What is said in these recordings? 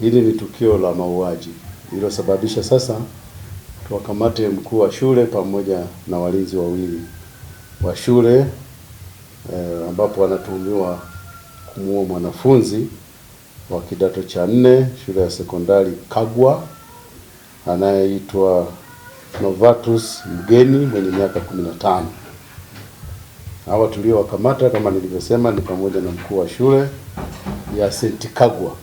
hili ni tukio la mauaji lililosababisha sasa tuwakamate mkuu wa shule pamoja na walinzi wawili wa shule eh, ambapo wanatuhumiwa kumuua mwanafunzi wa kidato cha nne shule ya sekondari Kagwa anayeitwa Novatus Mgeni mwenye miaka 15. Hawa tuliowakamata kama nilivyosema ni pamoja na mkuu wa shule ya St. Kagwa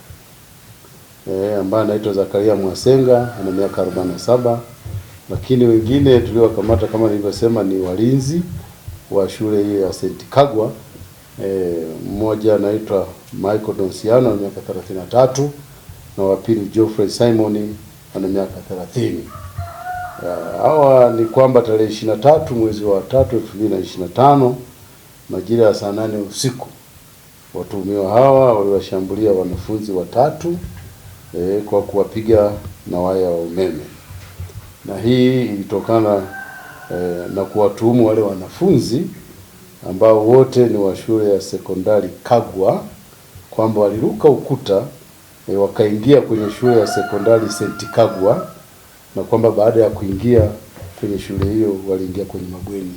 eh, ambaye anaitwa Zakaria Mwasenga ana miaka 47, lakini wengine tuliowakamata kama nilivyosema ni walinzi wa shule hiyo ya St. Kagwa. Eh, mmoja anaitwa Michael Donsiano ana miaka 33 na wa pili Geoffrey Simon ana miaka 30. Eh, hawa ni kwamba tarehe 23 mwezi wa 3 2025 majira ya saa nane usiku watuhumiwa hawa waliwashambulia wanafunzi watatu e, kwa kuwapiga na waya wa umeme, na hii ilitokana e, na kuwatuhumu wale wanafunzi ambao wote ni wa shule ya sekondari Kagwa kwamba waliruka ukuta e, wakaingia kwenye shule ya sekondari St. Kagwa na kwamba baada ya kuingia kwenye shule hiyo waliingia kwenye mabweni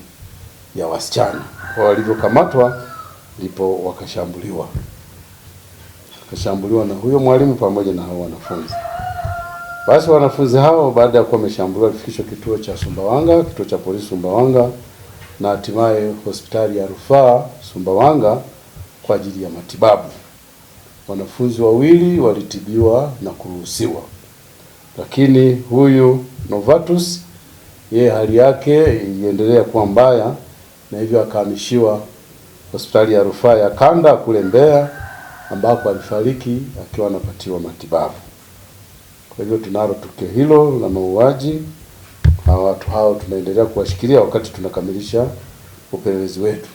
ya wasichana. Kwa walivyokamatwa ndipo wakashambuliwa kashambuliwa na huyo mwalimu pamoja na hao wanafunzi. Basi wanafunzi hao baada ya kuwa wameshambuliwa walifikishwa kituo cha Sumbawanga, kituo cha polisi Sumbawanga na hatimaye hospitali ya rufaa Sumbawanga kwa ajili ya matibabu. Wanafunzi wawili walitibiwa na kuruhusiwa, lakini huyu Novatus yeye hali yake iliendelea kuwa mbaya, na hivyo akahamishiwa hospitali ya rufaa ya kanda kule Mbeya ambapo alifariki akiwa anapatiwa matibabu. Kwa hivyo tunalo tukio hilo la mauaji. na watu hao tunaendelea kuwashikilia wakati tunakamilisha upelelezi wetu.